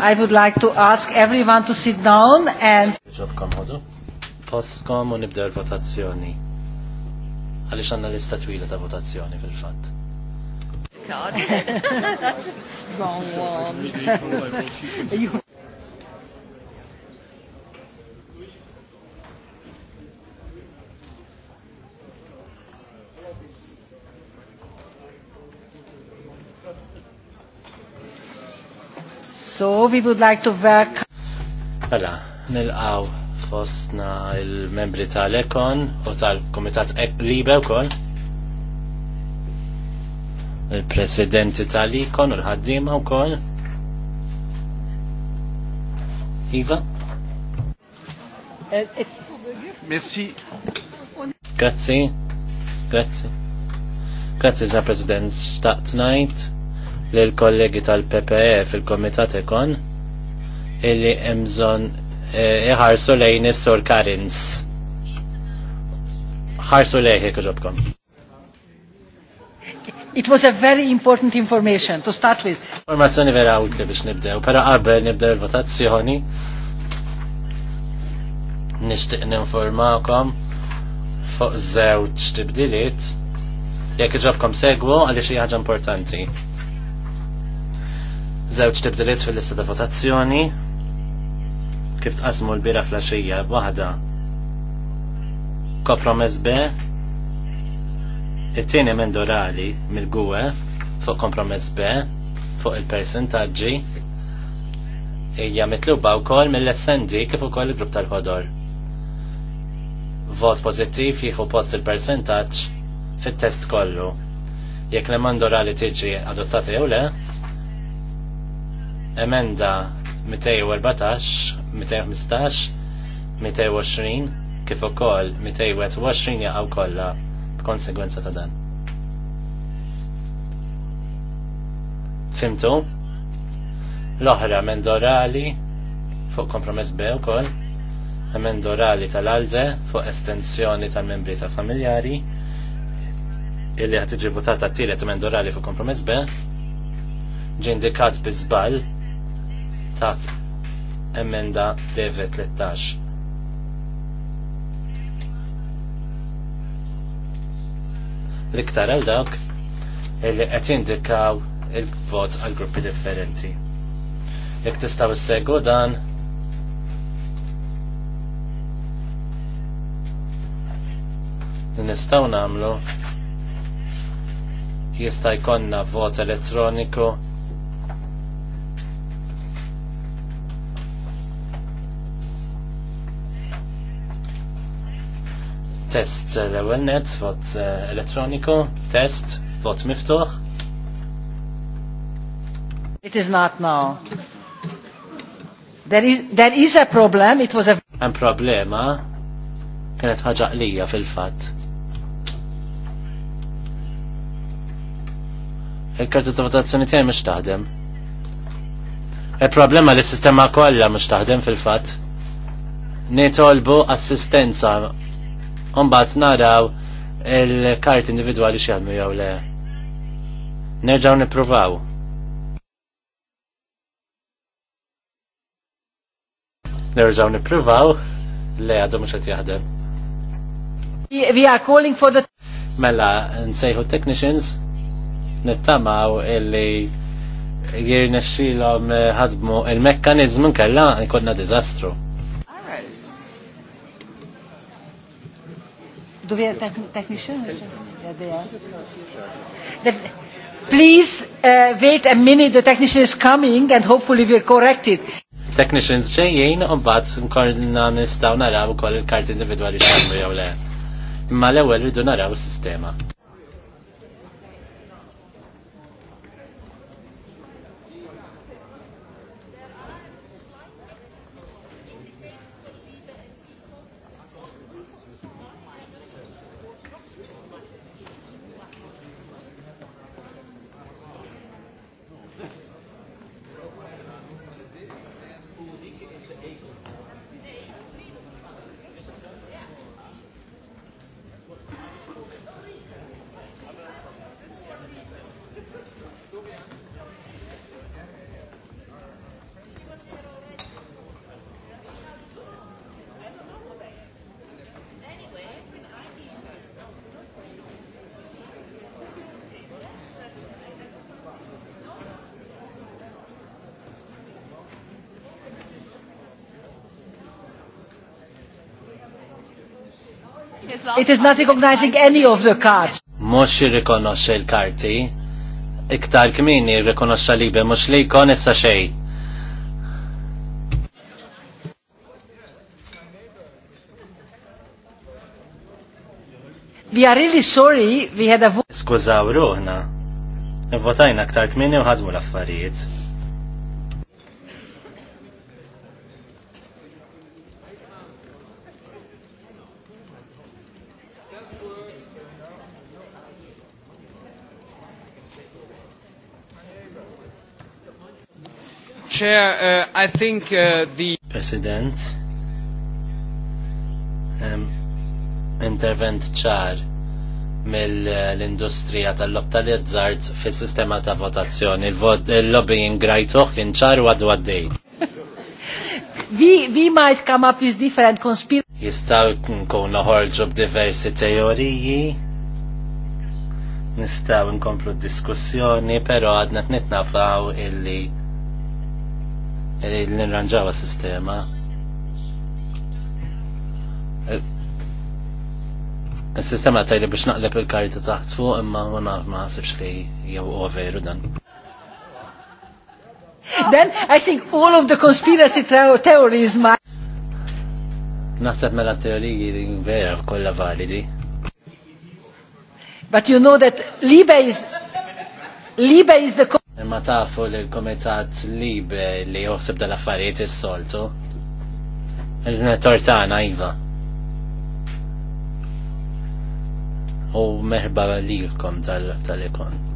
I would like to ask everyone to sit down and Ġobkom ħodu. Postkom u nibdew il-votazzjoni. Għalix għanna lista twila ta' votazzjoni fil fat God. That's wrong one. you we would like to work. nil mela, nilqaw fostna il-membri tal-Ekon u tal-Komitat e- Libe wkoll. Il-Presidenti tal-Ikon u l u wkoll. Iva? Eh, eh. Merci. Grazzi. Grazie Grazzi, President. Staqt najt l-kollegi tal-PPE fil-Komitat Ekon illi imżon e, iħarsu lejn is-Sur Karins. Ħarsu lejn ġobkom. It was a very important information to start with. Informazzjoni vera utli biex nibdew, pera qabel nibdew il-votazzjoni. Nixtieq ninformakom fuq żewġ tibdiliet jekk iġobkom segwu għaliex hija ħaġa importanti. Zewċ tibdiliet fil-lista ta' votazzjoni kif tqasmu l-bira flaxija waħda kompromess B it-tieni mendorali mill-gwe fuq kompromess B fuq il-persentaġġi hija mitluba wkoll mill snd kif ukoll il-grupp tal-ħodor. Vot pożittiv jieħu post il-persentaġġ fit-test kollu. Jekk l mandorali tiġi adottata jew le, Emenda 214, 215, 220, kif ukoll 220 jaqgħu kollha b'konsegwenza ta' dan. Fimtu? L-oħra mendorali fuq kompromess B ukoll, emendorali tal-alde fuq estensjoni tal-membri ta' familjari, illi ħat iġibutata votata t-tielet emendorali fuq kompromess B, ġindikat bizbal tat emenda DV13. L-iktar għal dawk illi qed jindikaw il-vot għal gruppi differenti. Jekk tistgħu segu dan nistgħu nagħmlu jista' jkollna vot elettroniku test eh, l-ewel net, vot eh, elettroniku, test, vot miftuħ. It is not now. There is, there is a problem, it was a... Għan problema, kienet ħaġa qlija fil-fat. Il-kartu ta' votazzjoni tiegħi mhux taħdem. Il-problema li s-sistema kollha mhux taħdem fil-fatt. Nitolbu assistenza Umbat naraw il-kart individuali xelmu jew le. Nerġaw niprovaw. Nerġaw niprovaw le għadu mux għet jahdem. We are calling for the... Mela, nsejħu technicians, nittamaw illi jirnexxilhom ħadmu il-mekkanizmu kalla jkollna diżastru. Do we have techn technicians? Yeah, they are. The, please uh, wait a minute, the technician is coming and hopefully we'll correct it. Technicians ġejjien u mbagħad nkorna nistgħu naraw ukoll il-karti individwali x'għamlu jew le. Imma l-ewwel rridu naraw is-sistema. It is not recognizing any of the cards. Mux jirrikonoxxa il-karti. Iktar kmin jirrikonoxxa libe mux li jkun issa xej. We are really sorry we had a vote. Skużaw ruħna. Votajna aktar kmini u ħadmu l-affarijiet. Chair, uh, I think uh, the... President, um, intervent ċar mill-industrija tal-lob tal-jazzart fil sistema ta' votazzjoni. Il-lobbying grajtuħ kien ċar għadu għaddej. Vi, we might come up with different conspiracy. Jistaw nkun noħorġu b'diversi teoriji, nistaw nkomplu diskussjoni, pero għadna t-nitnafaw illi li nirranġaw sistema Il-sistema e, tajli biex naqleb il-karti taħt fuq imma ma naf ma ħasibx li jew overu dan. Then I think all of the conspiracy theories ma. Naħseb mela teoriji vera kollha validi. But you know that Libe is Libe is the Imma tafu li l-komitat libe li joħseb dal-affarijiet is-soltu. Il-netor tagħna iva. U meħba lilkom tal-ikon. Tal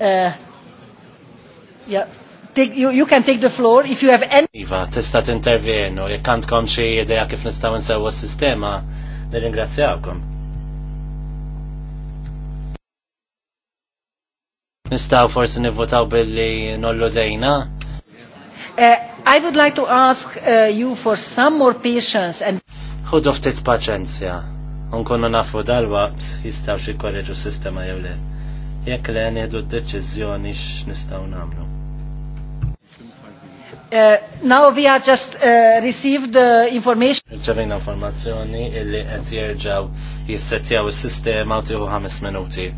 Uh, yeah. Take, you, you can take the floor if you have any... Iva, testa t-intervjenu, jek kom xie ideja kif nistaw nsewu s-sistema, nir-ingrazzjawkom. Nistaw forse nivvotaw billi nollu dejna. Uh, I would like to ask uh, you for some more patience and... Ħudu ftit paċenzja. Unkunu nafu dal-waqt jistaw xie korreġu s-sistema jew le jekk le nieħdu d-deċiżjoni x'nistgħu nagħmlu. Uh, now we are just uh, received the uh, information. Ġevina informazzjoni illi qed jerġgħu jissettjaw is-sistema u tieħu ħames minuti.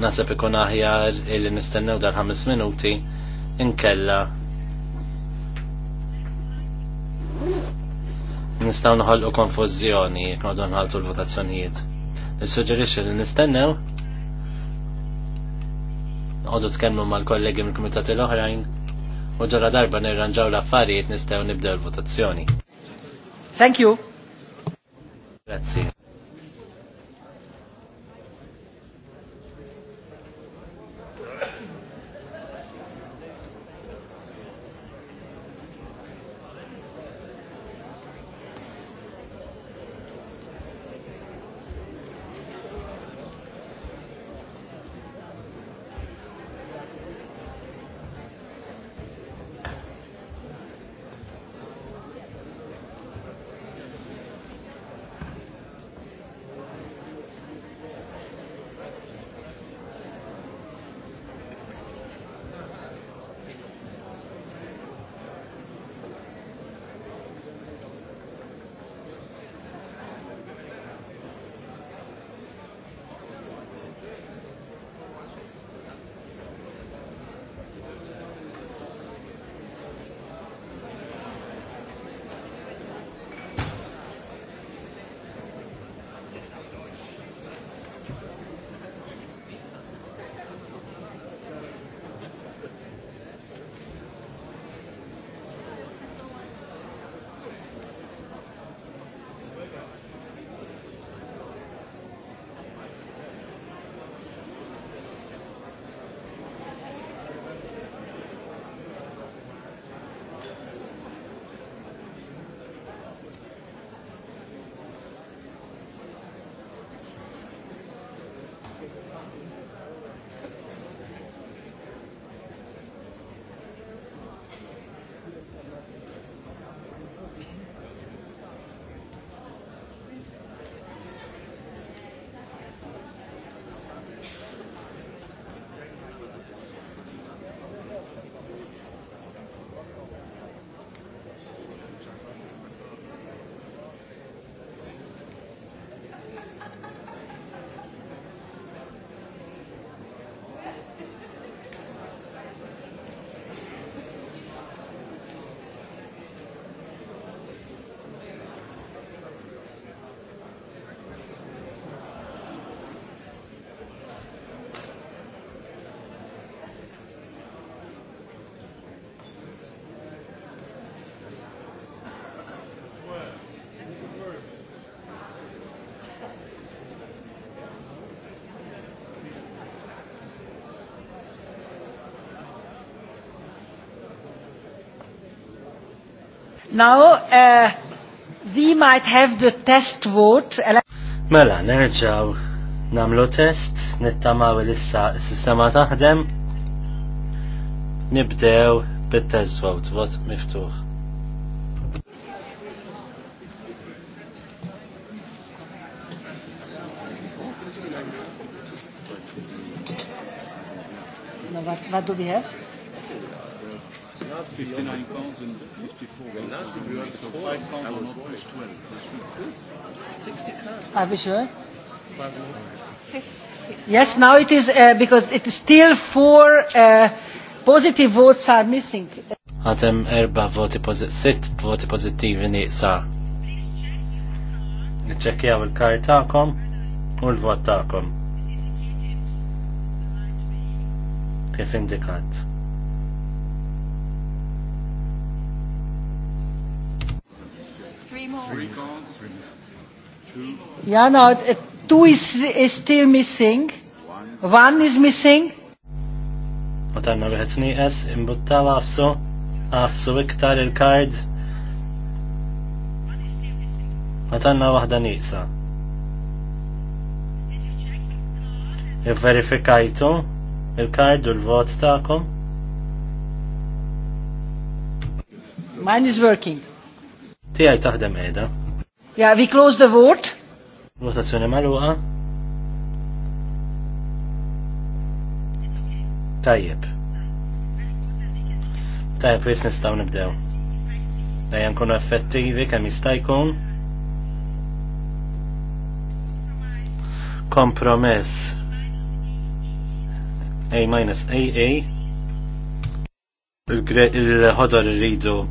Naseb ikun aħjar illi nistennew dal ħames minuti inkella nistgħu noħolqu konfużjoni jekk nħolqu nħaltu l-votazzjonijiet. Nissuġġerixxi li nistennew għodu tkemmu mal-kollegi mill-kumitati l-oħrajn u ġara darba nirranġaw l-affarijiet nistgħu nibdew il-votazzjoni. Thank you. Grazie. Now, uh, we might have the test vote. Mela, nerġaw namlu test, nittamaw l-issa s-sistema taħdem. Nibdew bit-test vote, vot miftuħ. What, what do we have? 59 The Are we sure? Yes, now it is uh, because it is still four uh, positive votes are missing. Għatem erba voti sitt voti pozittivi niqsa. Niċċekkjaw il-kart tagħkom u l-vot tagħkom. Kif indikat? Yeah, no, uh, two is, is still missing. One, is missing. U tanna biħet niqes, imbuttaw għafsu, għafsu iktar il-kard. U tanna wahda niqsa. Ivverifikajtu il-kard u l-vot ta'kom. Mine is working tiegħi taħdem qiegħda. Ja, we close the vote. Votazzjoni magħluqa. Tajjeb. Tajjeb wis nistgħu nibdew. Dejjem nkunu effettivi kemm jista' jkun. Kompromess A minus AA il-ħodor irridu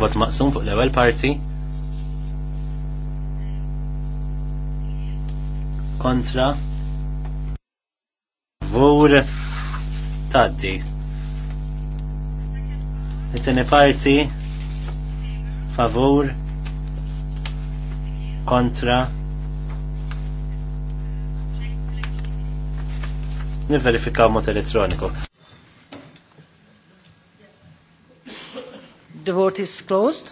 Vot maqsum fuq l-ewwel parti. Kontra. Vur. Taddi. It-tieni parti. Favur. Kontra. Niverifikaw mod elettroniku. The vote is closed.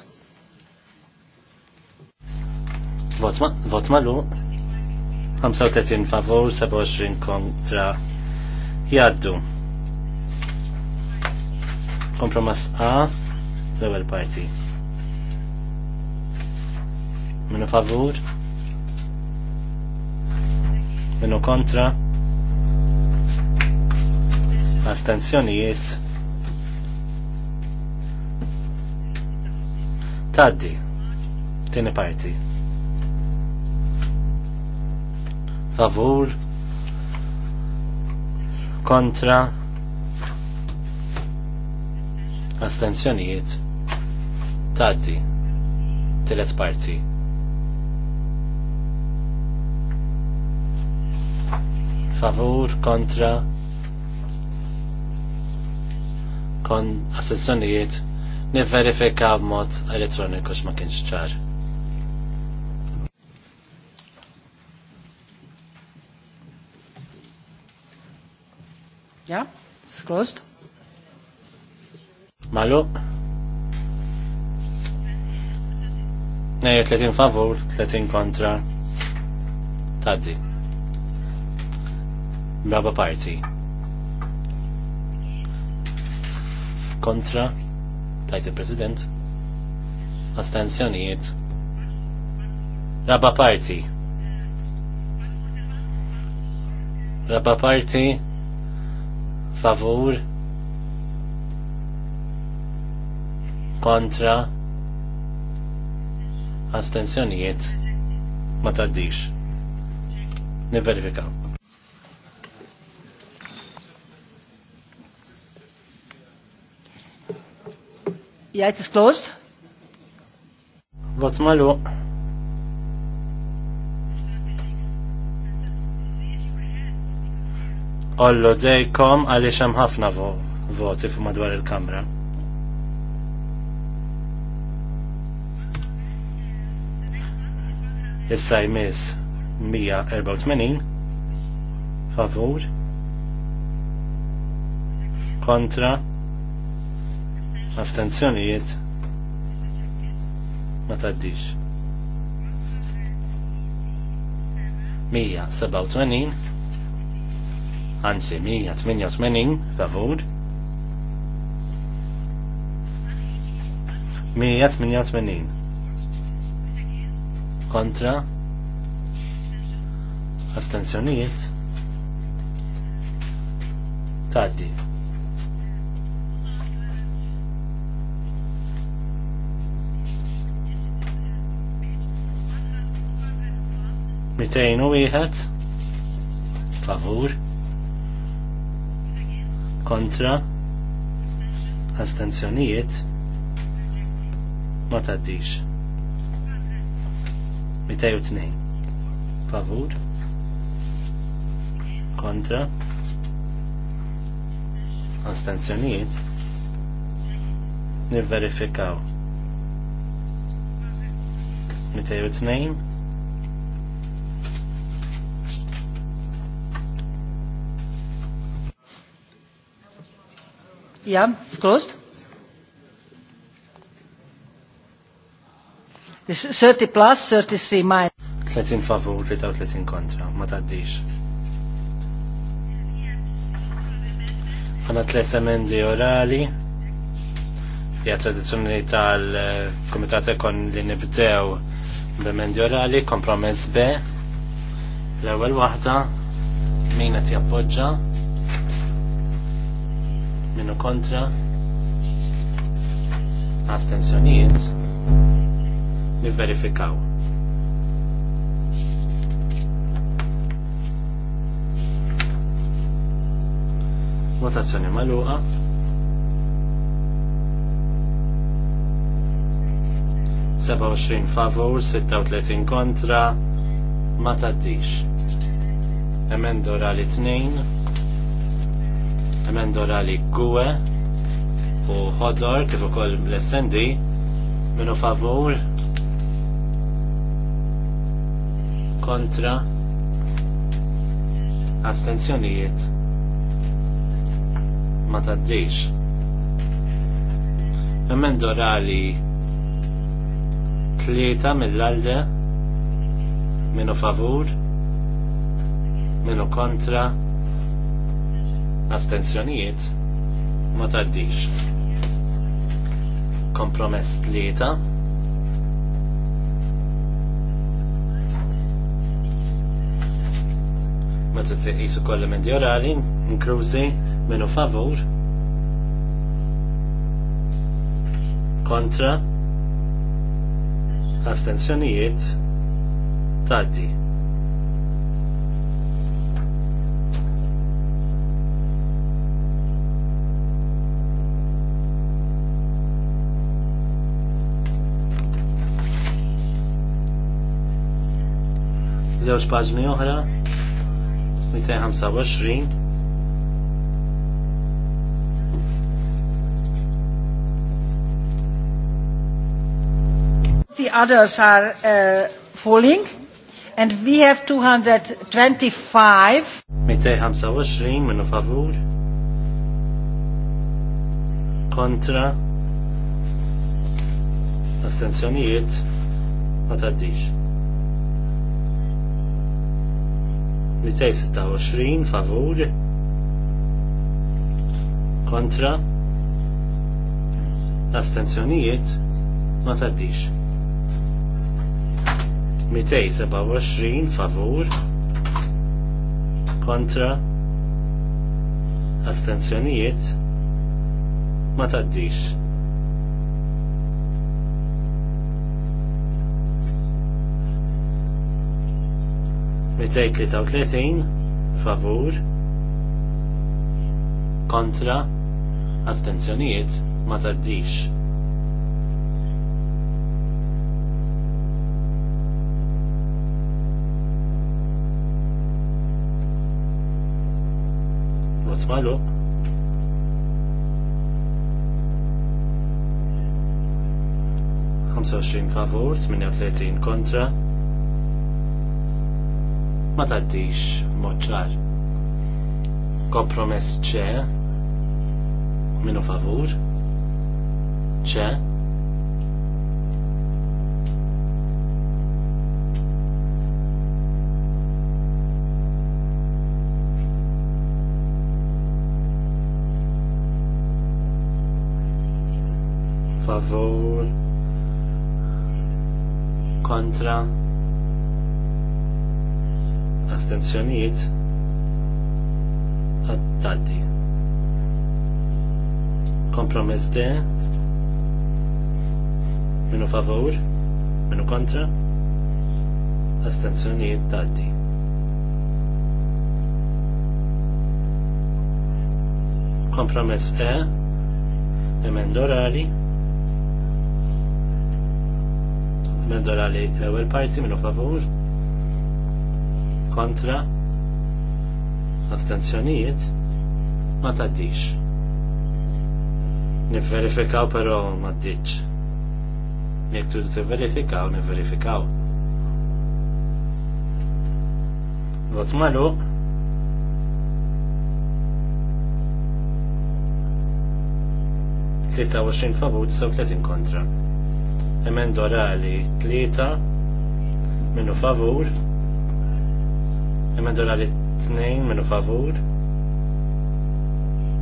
Vot malu. 35 favor, 27 kontra. Jaddu. Kompromess A, l-ewel parti. Minu favur. Minu kontra. Astenzjonijiet Taddi. Tieni parti. Favur. Kontra. Astenzjonijiet. Taddi. Tilet parti. favur, kontra, kon assessjonijiet nivverifika b'mod elettroniku x'ma kienx ċar. Ja, it's Malu? Nej, 30 favur, 30 kontra. Taddi. Baba parti. Kontra tajt il-President. Astenzjonijiet. Rabba parti. Rabba parti. Favur. Kontra. Astenzjonijiet. Ma taddix. Nivverifika. Yeah, it is closed. Vot malu. Ollu dejkom għaliex hemm ħafna voti fu madwar il-kamra. Issa jmiss 184 favur kontra astenzjonijiet ma taddix. 187 anzi 188 favur 188 kontra astenzjonijiet taddi Mitejn u wieħed. Favur. Kontra. Astenzjonijiet. Ma taddix. Mitej u tnejn. Favur. Kontra. Astenzjonijiet. Nivverifikaw. Mitej u tnejn. Yeah, it's closed. This 30 plus, 33 minus. 30 in favor, 30 in contra. What are these? Għana tlet emendi orali. Ja tradizjoni tal-Komitat Ekon li nibdew b'emendi orali, kompromess B. L-ewwel waħda min qed jappoġġa kienu kontra astensjonijiet nivverifikaw. Votazzjoni maluqa. Seba' 27 favur, 36 kontra, ma taddix. Emenda orali 2 emendora li gwe u ħodor kif ukoll l-essendi minu favur kontra astenzjonijiet ma taddix. Emend orali tlieta mill-alde minu favur minu kontra astenzjonijiet ma taddix kompromess tlieta ma t-tiqisu kolli mendi orali inklużi minu favur kontra astenzjonijiet taddi. żewġ paġni oħra 225 The others are uh, falling and we have 225 225 minu favur kontra astenzjonijiet ma tardix 226 favur kontra astenzjonijiet ma taddix 227 favur kontra astenzjonijiet ma taddix 233 favur kontra astenzjonijiet ma taddix. Vot malu. Hamsa favur, 38 kontra ma taddix moċċar. Kompromess ċe minu favur ċe kontra għad għaddaddi. Kompromess D minu favor, minu kontra, astenzjonijiet daddi. Kompromess E emendorali emendorali l-ewel parti minu favor, kontra astenzjonijiet ma taddix nifverifikaw pero ma taddix jek tu t-verifikaw nifverifikaw vot malu Tlieta 23 favur, 39 kontra. Emend orali tlieta minnu favur, Emendu li tnejn nejn minu favur.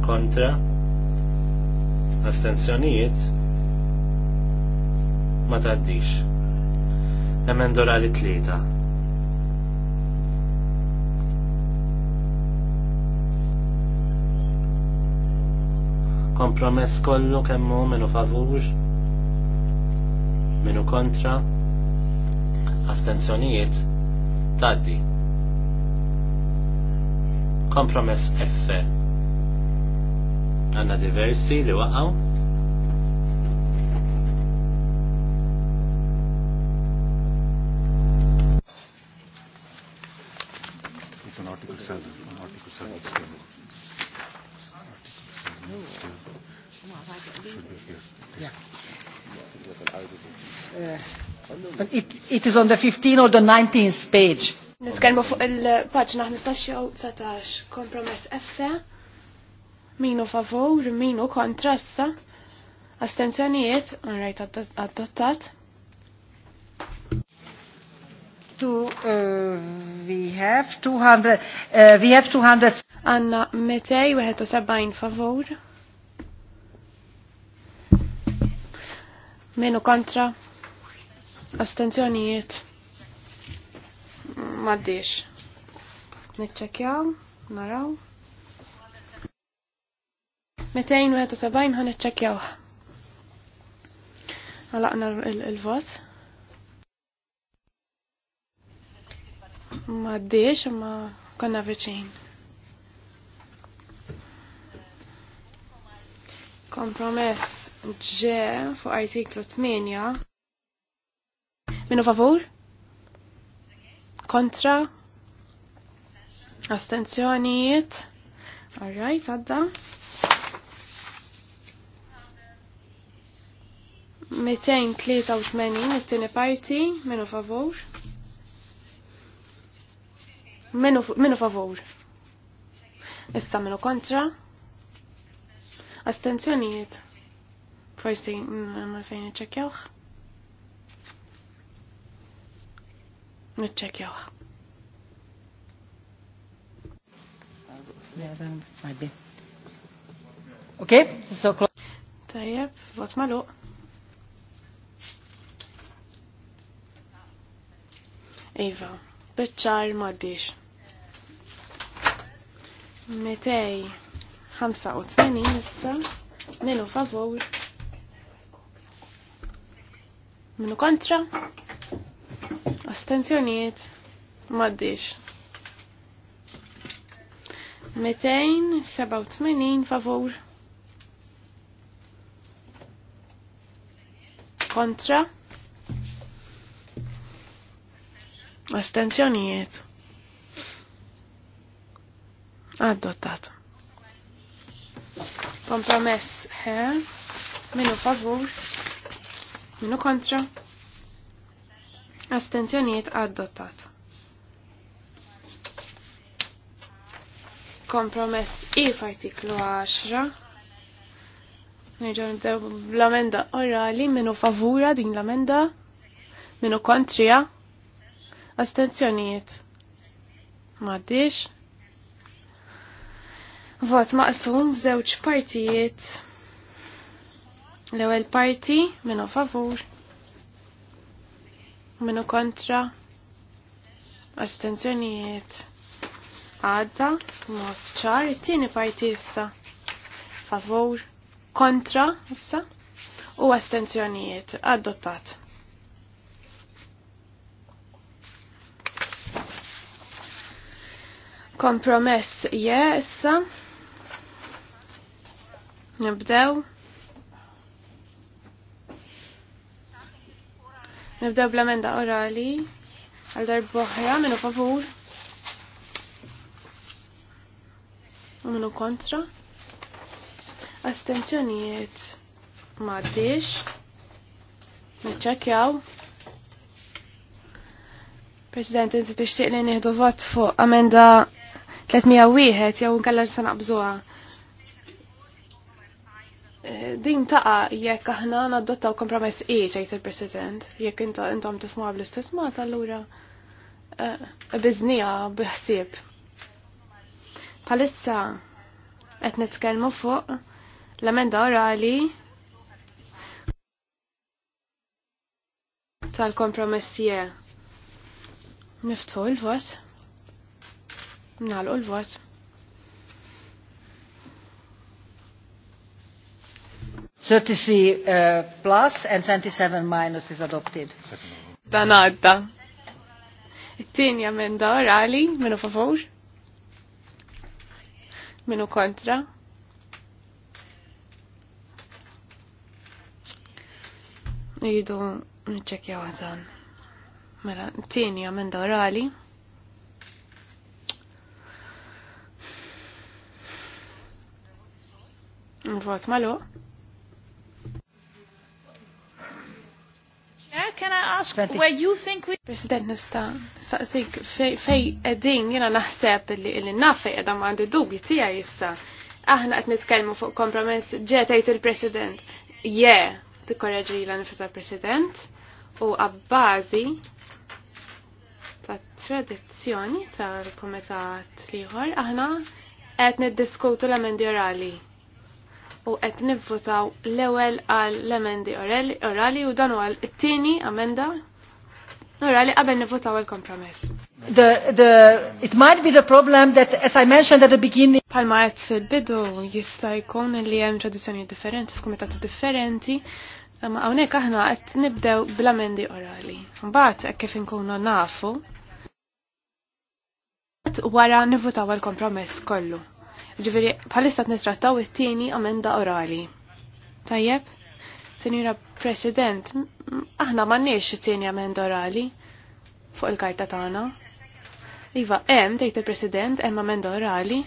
Kontra. Astenzjonijiet. Ma taddix. Emendura li t Kompromess kollu kemmu minu favur. Minu kontra. Astenzjonijiet. Taddi. Kompromess F. Għanna diversi li waqaw. Uh, it is on the 15 or the 19th page. Niskelmu fuq il-paġna 15-19, kompromess F, minu favor, minu kontrassa, astenzjonijiet, unrajt adottat. To, uh, we have 200, uh, we have 200. Anna, metej, u għetu sabajn favor. Minu kontra, astenzjonijiet maddiex. Nitċekjaw, naraw. 271 ħan nitċekjaw. Għalaqna il-vot. Maddiex, ma konna veċin. Kompromess ġe fuq artiklu 8. Minu favur? kontra, astenzjonijiet, alright, għadda. 283 it-tieni parti minu favur. Minu, minu favur. Issa minu kontra. Astenzjonijiet. Forsi ma fejn iċċekkjawh. Nċekjaw. Ok, so close. Tajab, vot malu. Iva, bitċar maddix. 285 issa, minu favor, minu kontra. Astenzjoniet maddix. 287 favur. Kontra. Astenzjonijiet. Adottat. Kompromess he. Minu favur. Minu kontra. Astenzjoniet adottat. Kompromess i f'artiklu 10. Nerġgħu l amenda orali minnu favura din l-amenda minnu kontrija. Astenzjoniet. Maddix. Vot maqsum f'żewġ partijiet. L-ewwel parti minnu favur Minu kontra. Astenzjonijiet. Għadda. Mod ċar. Tieni parti issa. Favur. Kontra. Issa. U astenzjonijiet. Adottat. Kompromess je issa. Nibdew. Nibdew bl-emenda orali għal darboħra minnu favur u minu kontra. Astenzjonijiet maddix. Neċċakjaw. President, inti tixtieq li nieħdu vot fuq amenda 301 jew nkella ġisana bżuħa din taqa jekk aħna naddottaw kompromess E ċejt il-President, jekk intom għab l istess mat allura eh, biznija biħsib. Palissa qed nitkellmu fuq l-emenda orali tal jie. Niftħu l-vot. Nagħlqu l-vot. 30 uh, plus and 27 minus is adopted. Dan għadda. It-tieni emenda orali minu favur. Minu kontra. Jidu nċekjaw għatan. Mela, t-tieni emenda orali. Vot maluq. Uh, can I ask 20. where you think we... President nista, saqsik fej edin, jina naħseb li naf nafej edam għandi dubi tija jissa. Aħna għat nitkelmu fuq kompromess ġetajt il-president. Je, t-korreġi l-anfisa president u għabbazi ta' tradizzjoni tal-komitat liħor, aħna għet niddiskutu l-amendi orali u qed nivvotaw l-ewwel għal l-emendi orali u dan għal it-tieni amenda orali qabel nivvotaw il-kompromess. The, the, it might be the problem that, as I mentioned at the beginning... Palma għed fil-bidu jista jkun li jem tradizjoni differenti, skumitati differenti, ma għawnek aħna qed nibdew bl amendi orali. Mbaħt, kif nkunu nafu, wara nivvotaw għal-kompromess kollu. Ġifieri bħalissa nittrattaw it-tieni amenda orali. Tajjeb? senjura President, aħna m'għandniex it-tieni amenda orali fuq il-karta tagħna. Iva, hemm tgħid il-President hemm amenda orali.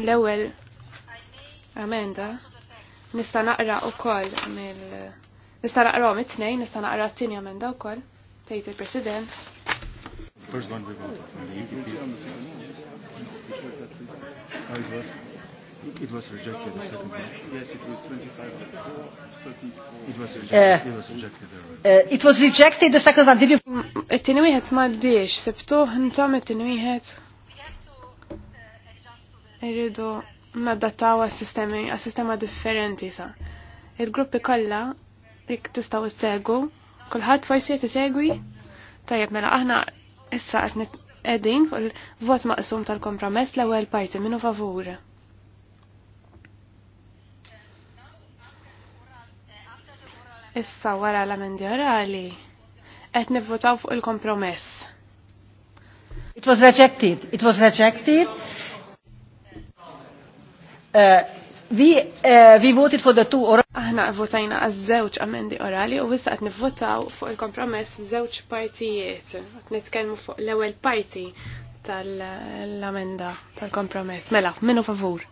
L-ewwel amenda nista' naqra wkoll mill nista' naqra mit-tnejn, nista' naqra t-tieni amenda wkoll tgħid il-President first one we voted from the EPP. Oh, it was, it was rejected, the second one. Yes, it was 25 It was rejected, eh. it was rejected. Uh, it was rejected, the second one. Did you... it ma diex sebtuħ ntom it-tinwiħet. Irridu naddataw sistema differenti sa. Il-gruppi kolla, jek tistaw s-segu, kullħat forsi jt-segwi, tajab mela aħna Issa qed qegħdin fuq il-vot maqsum tal-kompromess l-ewwel parti minnu favur. Issa wara l-amendi orali qed nifvotaw fuq il-kompromess. It was rejected. It was rejected. Uh, Vi, uh, vi voted for the two oral. Aħna votajna għaż-żewġ amendi orali u issa qed nivvotaw fuq il-kompromess f'żewġ partijiet. Qed nitkellmu fuq l-ewwel parti tal-amenda tal-kompromess. Mela, minnu favur.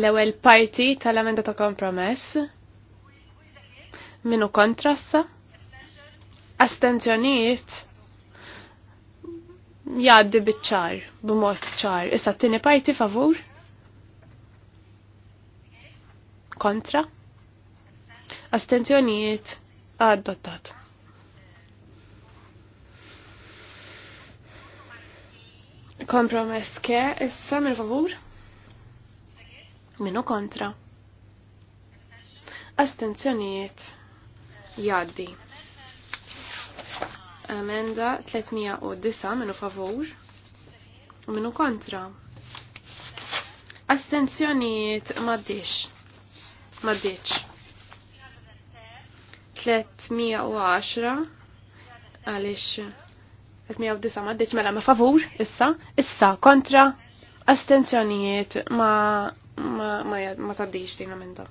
L-ewwel parti tal-amenda tal kompromess. Minu kontrassa. Astenzjonijiet jgħaddi biċ-ċar, b'mod ċar. Issa t-tieni parti favur kontra, astenzjonijiet adottat. Kompromess ke issa mill favur minu kontra. Astenzjonijiet jaddi. Amenda 309 minu favur u minu kontra. Astenzjonijiet maddix ma ditx. 310 għalix 309 ma mela ma favur issa, issa kontra astenzjonijiet ma ma ma, ma taddix din amenda.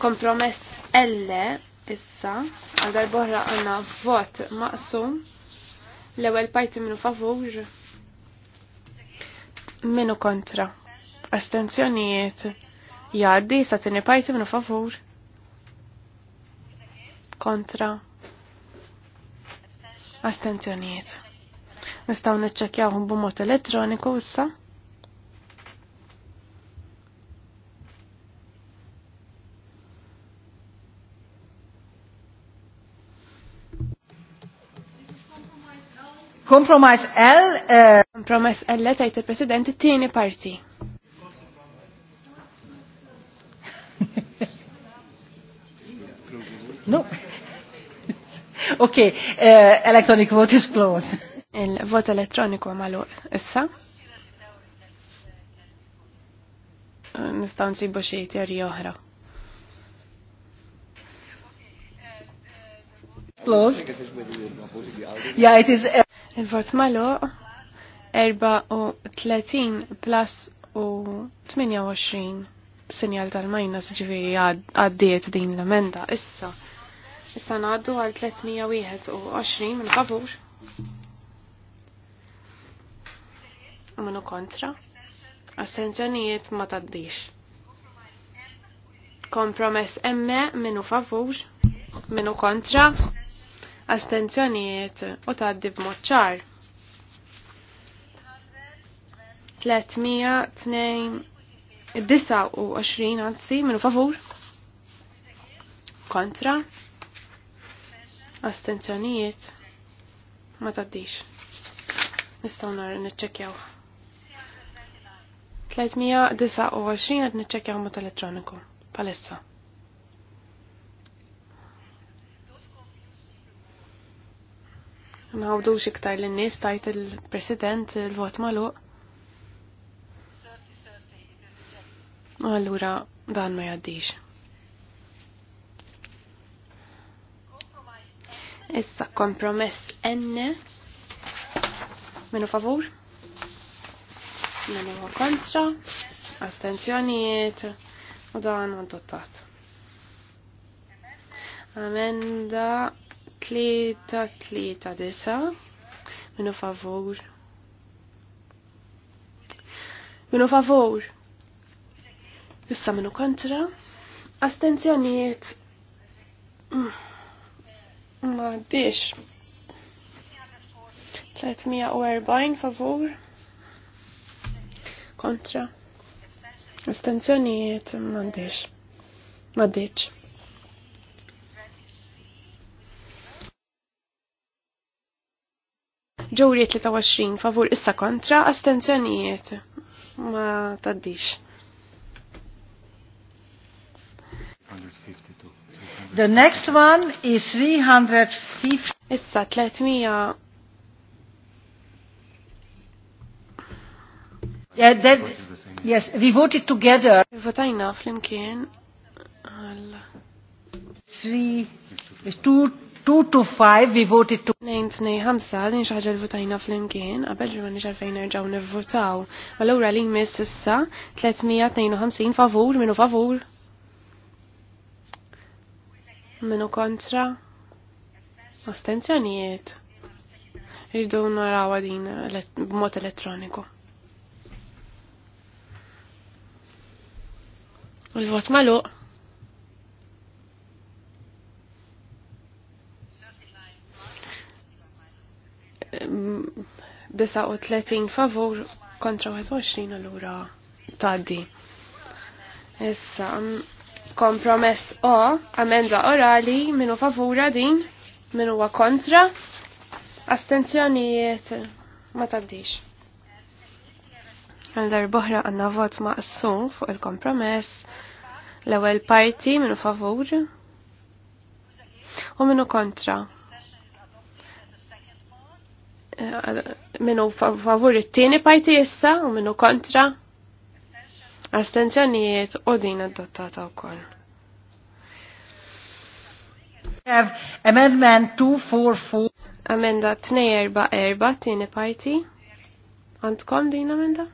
Kompromess L issa għal darbohra għanna vot maqsum l-ewel parti minu favur Minu kontra. Astenzjonijiet. Jaddi sa tini pajti minu favur. Kontra. Astenzjonijiet. Nistaw nitċekjaw b'mod elettroniku issa. Kompromis L. Eh, Kompromis L tajt il-President it-tieni parti. No. ok, uh, electronic vote is closed. Il-vot elettroniku għamalu issa. Nistaw nsibu xie teori oħra. Close. Yeah, it is. Uh, Il-vot maluq 34 plus u 28 sinjal tal majna ġviri għaddiet din l-emenda. Issa, issa naddu għal 321 minn favur. Minu kontra. Assenzjonijiet ma taddix. Kompromess emme minu favur, minu kontra, astenzjonijiet u taddi b'mod ċar. 329 għadzi minu favur kontra astenzjonijiet ma taddix. Nistaw nar nitċekjaw. 329 għad nitċekjaw mot elettroniku. Palessa. Nħawdu iktar l-nis tajt il-president il-vot malu. Allura dan ma jaddix. Issa kompromess enne Menu favur Menu kontra astenzjonijiet u dan għaddottat. Amenda Tlieta tlieta disa minu favur. Minu favur. Issa minu kontra. astenzjoniet mm. Ma dix. 340 favur. Kontra. Astenzjonijiet ma dix. Ma dix. li 23 favur issa kontra astenzjonijiet ma taddix. The next one is 350. Issa 300 Yeah, that, yes, we voted together. Votajna fl-imkien. Three, two, 2 to 5 we voted to. Nejn tnej ħamsa din xaħġa l-votajna fl-imkien, għabel ġurma nġarfejn nerġaw nivvotaw. Mal-għura li jmiss issa 352 favur, minu favur. Minu kontra. Astenzjonijiet. Rridu narawa din b'mod elettroniku. U l-vot maluq. 39 favur kontra 21 allura taddi. Issa, kompromess o, amenda orali, minu favura din, minu wa kontra, astenzjonijiet ma taddix. Għandar boħra għanna vot maqsum fuq il-kompromess, l-ewel parti minu favur u minu kontra. Eh, minnu favur it-tieni parti issa u minnu kontra astenzjonijiet u din adottata wkoll. Have amendment 244. Amenda 244 tieni parti. Għandkom din amenda?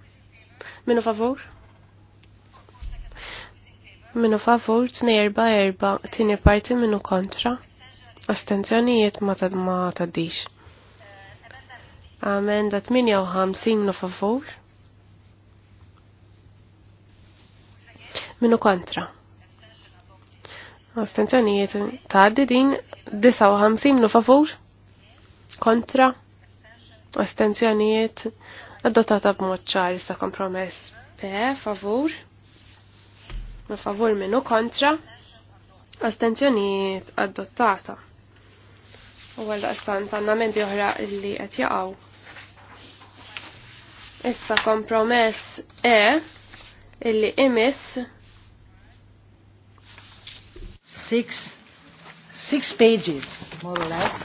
Minnu favur? Minu favur, tnej erba erba, tini parti minnu kontra. Astenzjonijiet ma tad ma taddix. Amenda 58 no favur. Minu kontra. Astenzjonijiet tardi din 59 no favur. Kontra. Astenzjonijiet adottata b'mod ċar sa kompromess. Pe favur. Ma favur minu kontra. Astenzjonijiet adottata. U għal-astant għanna mendi oħra illi għet jaqaw. Issa kompromess E illi imis 6 pages more or less.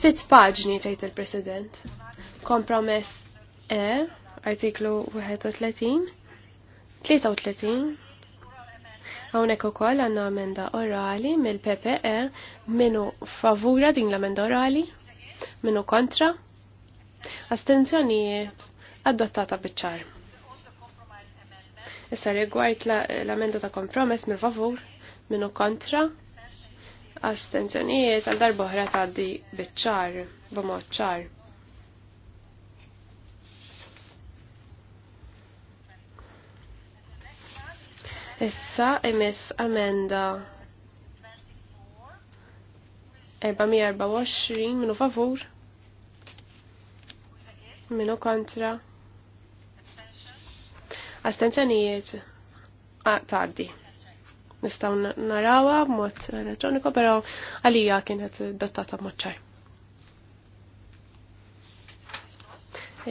Sitt paġni tgħid il-President. Kompromess E artiklu 31 33 Hawnhekk ukoll għandna amenda orali mill-PPE minu favura din l-amenda orali, minu kontra, astenzjonijiet adottata biċċar. Issa rigward l-amenda ta' kompromess minn favur minnu kontra astenzjonijiet għal darboħra tgħaddi biċ-ċar b'mod ċar. Issa imiss amenda 424 minu favur minu kontra astenzjonijiet tardi. Nistgħu narawha b'mod elettroniku, però għalija kienet dottata b'mod ċar.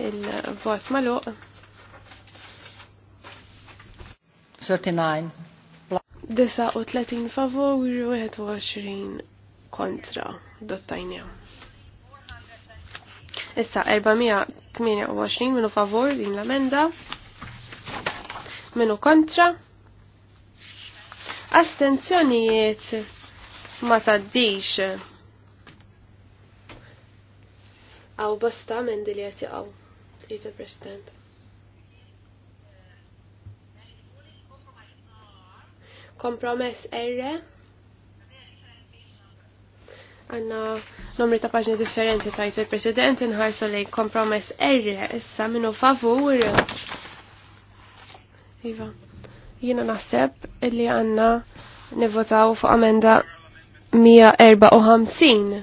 Il-vot magħluq. 39. u 39 favur, 21 kontra, dottajnija. Issa, 428 minu favor din l-amenda, minu kontra. Astenzjonijiet ma taddix. Aw bosta minn dili għati għaw, jita president Kompromess R. Għanna numri ta' paġni differenti ta' jita president nħarsu li kompromess R issa minu favur Iva. Jiena naħseb illi għanna nivvotaw fuq amenda 154.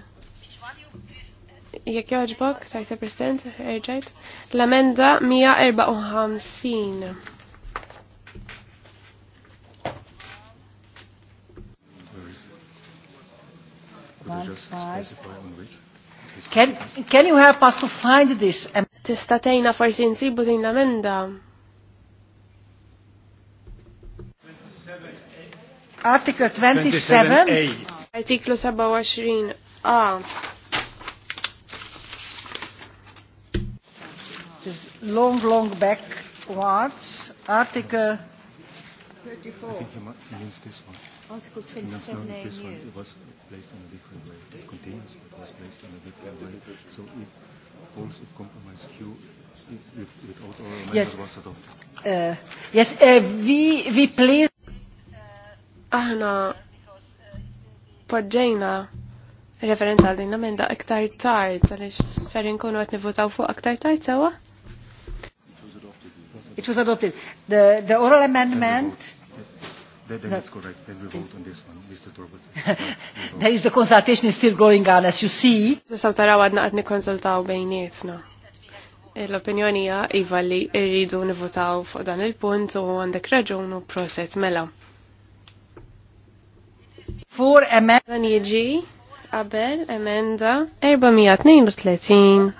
Jek joħġbok, tajsa President, erġajt. L-amenda 154. Can, can you help us to find this? Tista tejna forsi nsibu din l-amenda? Article 27. 27 Artiklu 27. A. Just long, long backwards. Article 34. I think he means this one. Article 27 no, this one. It was placed in a different way. It continues, it was placed in a different way. So it falls if compromise Q yes. was adopted. Uh, yes, uh, we, we please. Aħna podġejna referenza għal dinna l iktar aktar tard, għaliex ser kunu qed nivotaw fuq aktar tard sewa. It was adopted. The, the oral amendment. Then, correct. Then we vote on this one, Mr. there is the consultation is still going on, as you see. Nisaw taraw għadna għad nikonsultaw bejnietna. L-opinjonija iva li irridu nivotaw fuq dan il-punt u għandek raġunu proset mela. Fur emenda. Dan jiġi qabel emenda 432.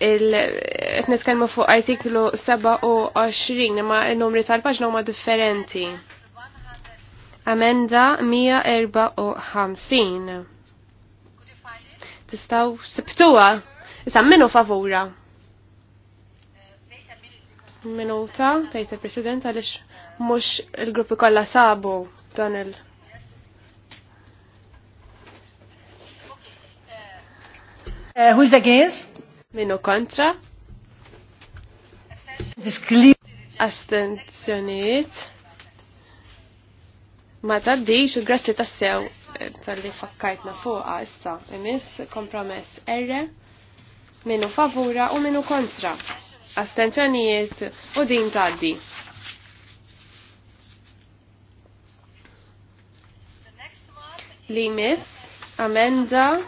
Qed nitkellmu fuq artiklu 27 imma n-numri tal-paġna huma differenti. Amenda 154. Tistaw sibtuha. Issa minnu favura. Minuta, il president għaliex mhux il-gruppi kollha sabu tunnel. Uh, eh, who's against? Meno kontra. Astenzjoniet. Ma taddix u grazzi tassew eh, tal-li fakkajtna fuqa issa. Emis kompromess erre. Meno favura u meno kontra. Astenzjoniet u din di. li miss amenda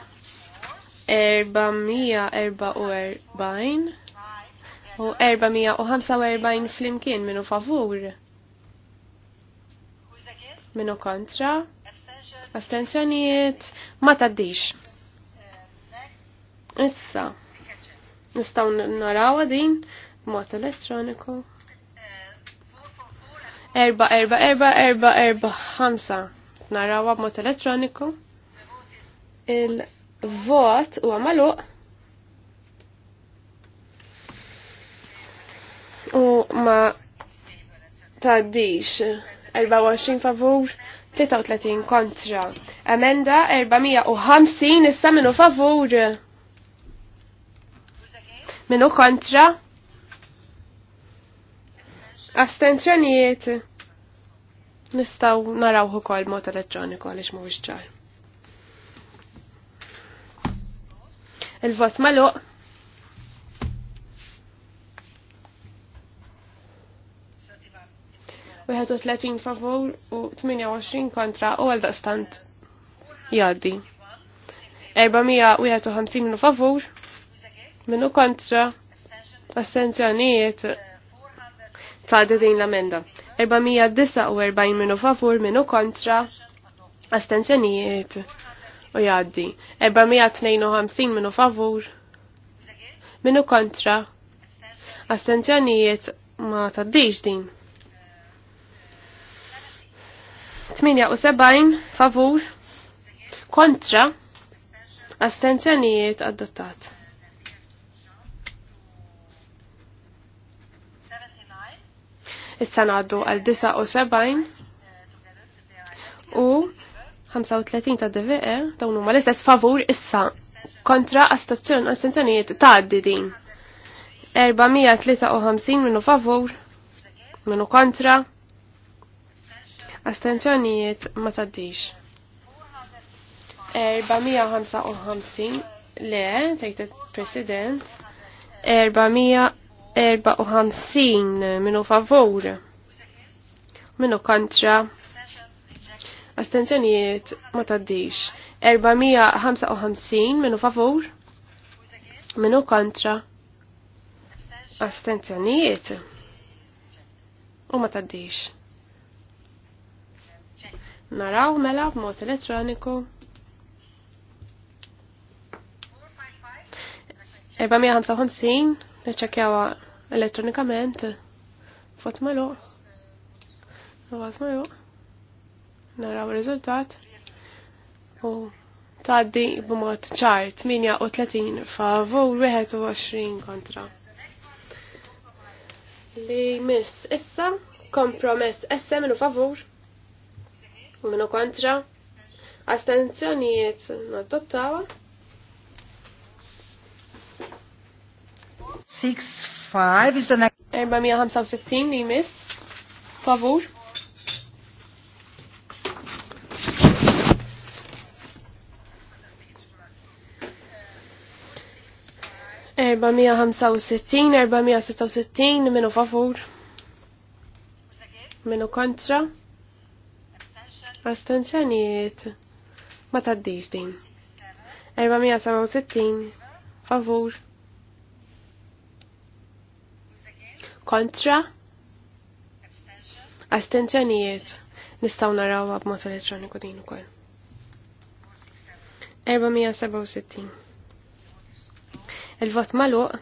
444 u 445 flimkien minu favur. Minu kontra. Astenzjonijiet ma taddix. Issa. Nistaw narawa din mot elettroniku. Erba, erba, erba, erba, erba, hamsa. Naraw b'mod elettroniku. Il-vot huwa magħluq. U ma tgħaddix 24 favur 33 kontra. Amenda 450 issa minu favur. Minu kontra. Astenzjonijiet nistaw narawħu kol mod elettroniku għalix mu ċar. Il-vot malu. Wieħed u tletin favur u 28 kontra u għal daqstant jgħaddi. 451 minu favur, minu kontra, astenzjonijiet ta' din l-amenda. 449 minu favur minu kontra astenzjonijiet u jaddi 452 minu favur minu kontra astenzjonijiet ma taddiġ din 78 favur kontra astenzjonijiet adottat. Issa ngħaddu għal 79 u 35 ta' DVE dawn huma l-istess favur issa kontra astenzjonijiet tgħaddi din. 453 minnu favur minnu kontra astenzjonijiet ma taddix. 455 le, tejt president 400 ħamsin minu favor minu kontra astenzjoniet ma taddix Erba' ħamsa ħamsin minu favor. minu kontra astenzjoniet u ma taddix naraw mela b'mod elettroniku 455 neċċekjawa elettronikament. Fot malu. Fot malu. Naraw il-rizultat. U taddi b'mod ċar 38 u 21 kontra. Li miss issa kompromess essa minu favur minu kontra astenzjonijiet nadottawa 6 Five is the next 465 li miss favur Erba' mija ħamsa u sittin, erba' mija sitta u sittin, minu favur. Minu kontra. Astenzjonijiet. Ma taddiġ din. Erba' mija seba' u sittin, favur. kontra, astenzjonijiet, nistaw naraw għab mot elektroniku din u koll. 467. Il-vot maluq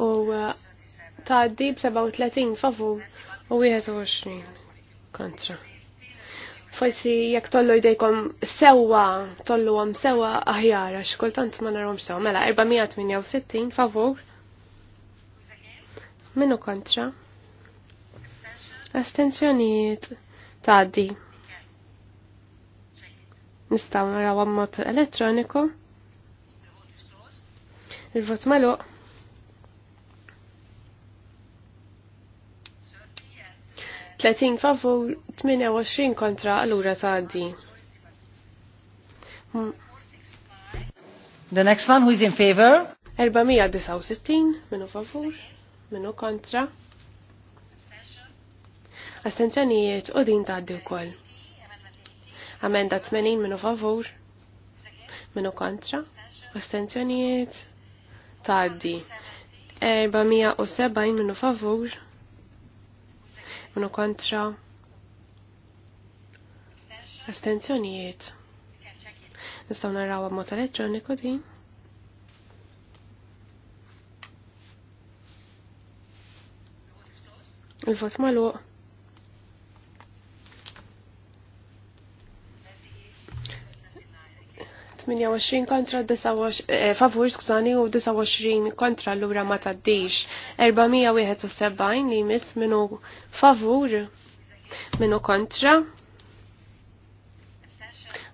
u taħdi dib 37 favur u 21 kontra forsi jekk tollu jdejkom sewa, tollu sewwa sewa aħjar, għax kultant ma narom sewa. Mela, 468, favur. Minu kontra? Astenzjoniet. Taddi. Nistaw naraw mod elettroniku. Il-vot maluq. 30 favur, 28 kontra allura tgħaddi. The next one who is in favor? 469 minu favur, minu kontra. Astenzjonijiet u din tgħaddi wkoll. Amenda 80 minu favur, minu kontra. Astenzjonijiet tgħaddi. 470 minu favur, unu kontra astenzjonijiet. Nistaw naraw mod elektroniku din. Il-vot maluq 28 kontra 29 eh, favur skużani u 29 kontra l-ura ma taddix. 471 li mis minu favur minu kontra.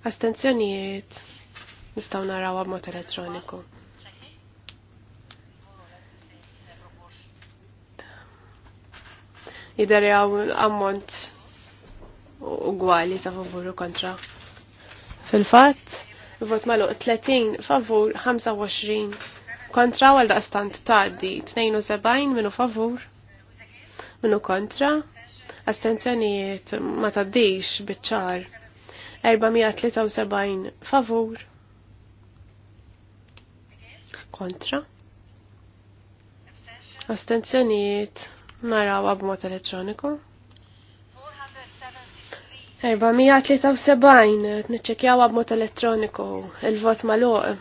Astenzjonijiet nistaw naraw mod elettroniku. għaw ammont ugwali ta' favuru kontra. Fil-fatt, Vot malu 30 favur 25 kontra għal daqstant taddi 72 minu favur minu kontra astenzjonijiet ma taddix bitċar 473 favur kontra astenzjonijiet naraw b'mod elettroniku. 473 nitċekjaw b'mod elettroniku il-vot maluq.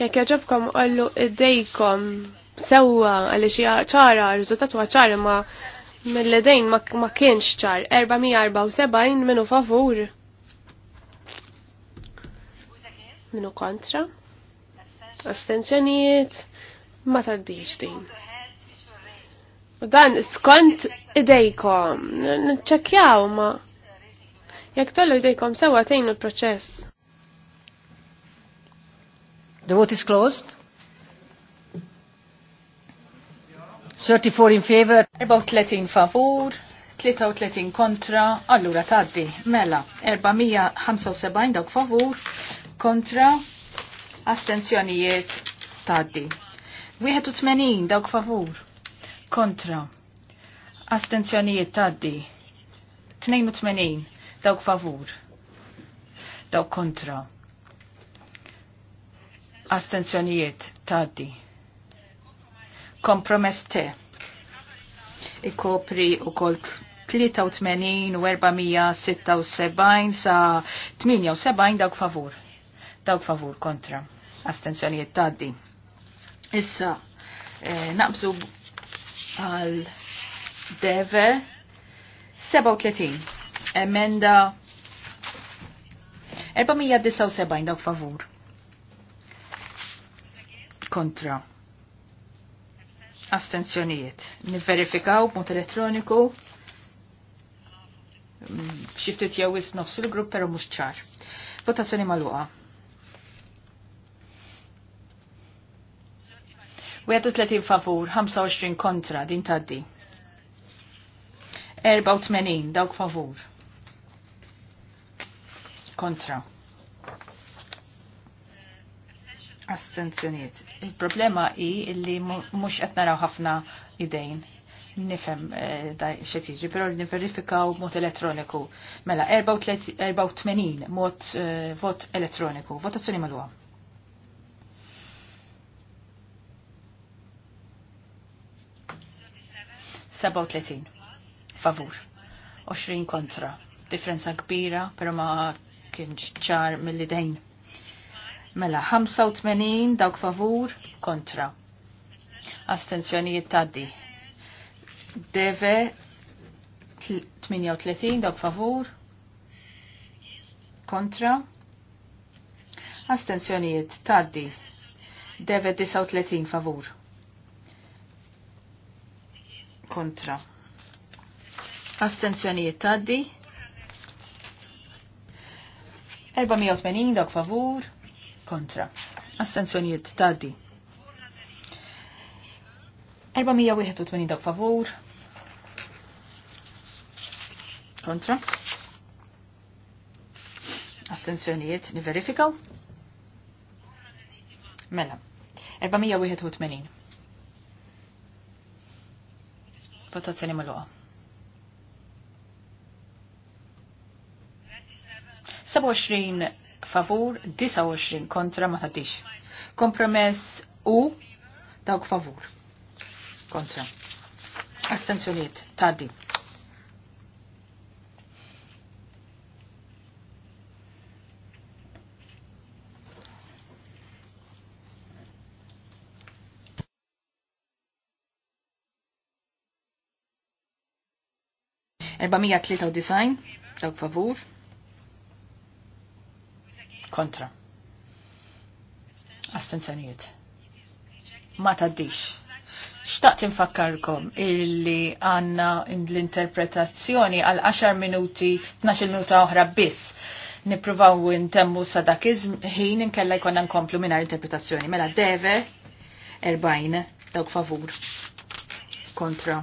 Jekk jaġobkom qollu id-dejkom sewwa għaliex ċara, riżultat huwa ċar ma mill-ledejn ma kienx ċar. 474 minu favur. Minu kontra. Astenzjonijiet ma taddix din. U dan skont idejkom, nċekjaw ma. Jek tollu idejkom sewa tejnu l-proċess. The vote is closed. 34 in favor. 34 favor. 33 kontra, allura taddi. Mela, 475 dawk favur, kontra, astenzjonijiet taddi. 81 dawk favur. Kontra. Astenzjonijiet taddi. 82 dawk favur. Dawk kontra. Astenzjonijiet taddi. Kompromess te. Ikopri u kol 83 u 476 sa 78 dawk favur. Dawk favur kontra. Astenzjonijiet taddi. Issa, eh, naqbżu għal deve 37, emenda 479 dawk favur. Kontra. Astenzjonijiet. Niverifikaw punt elettroniku. Mm, xiftit jew is nofs il-grupp pero mhux ċar. Votazzjoni maluqa. 31 favur, 25 kontra, din taddi. 84 dawk favur. Kontra. Astenzjoniet. Il-problema i illi mux etnaraw ħafna idejn. Nifem eh, da xetiġi, pero niverifikaw mod elettroniku. Mela, 84 mod eh, vot elettroniku. Votazzjoni mal-għam. 37 favur, 20 kontra. Differenza kbira, pero ma kienx ċar mill-idejn. Mela 85 dawk favur kontra. Astenzjonijiet taddi. Deve 38 dawk favur kontra. Astenzjonijiet taddi. Deve 39 favur kontra. Astenzjonijiet taddi. 480 dak favur kontra. Astenzjonijiet taddi. 481 dak favur kontra. Astenzjonijiet niverifikaw. Mela. 481. Votazzjoni maluqa. 27 favur, 29 kontra ma tadix. Kompromess u dawk favur. Kontra. Astenzjoniet, taddi. 493 dawk favur kontra Astenzjoniet. ma taddix xtaqt infakkarkom illi għanna l-interpretazzjoni għal 10 minuti 12 minuta oħra biss nipruvaw intemmu sadakizm ħin inkella jkonna nkomplu l interpretazzjoni mela deve erb'ajn, dawk favur kontra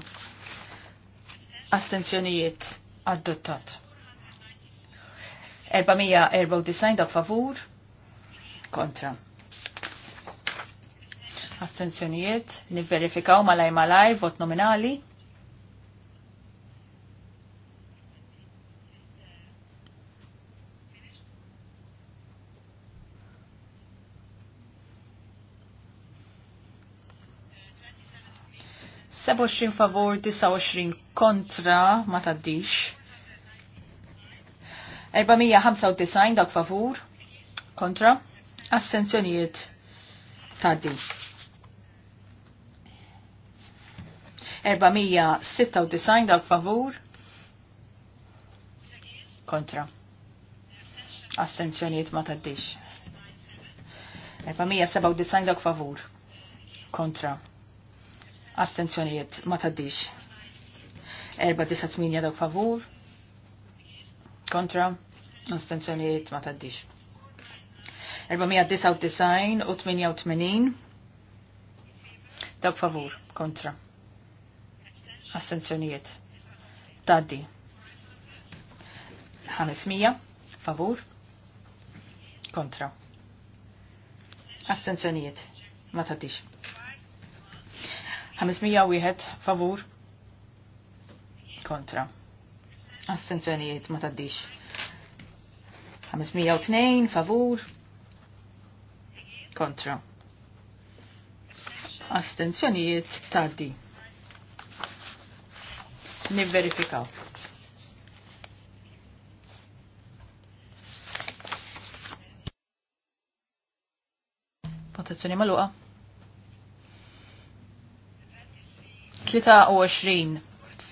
astenzjonijiet adottat. 494 dak favur kontra. Astenzjonijiet, niverifikaw malaj malaj, vot nominali. 27 favor, 29 kontra, ma taddix. 495 dak favur, kontra, assenzjonijiet taddi. 496 dak favur, kontra. Astenzjoniet ma taddix. 497 dak favur. Kontra. Astenzjonijiet ma taddix. tminja dawk favur. Kontra. Astenzjonijiet ma taddix. 499 u 88 dawk favur. Kontra. Astenzjonijiet. Taddi. mija, favur. Kontra. Astenzjonijiet ma taddix. 500 favur kontra. Astenzjonijiet ma taddix. 502 favur kontra. Astenzjonijiet taddi. Nivverifikaw. Votazzjoni maluqa. 23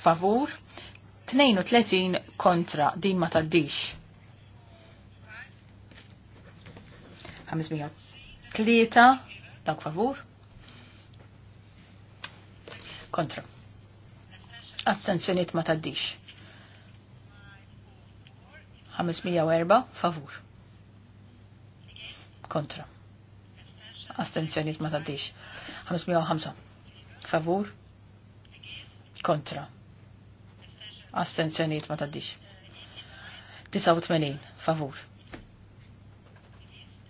favur, 32 kontra, din ma taddix. 503 dak favur, kontra. Astenzjoniet ma taddix. 504 favur. Kontra. Astenzjoniet ma taddix. 505 favur kontra. Astenzjoniet ma taddix. 89 favur.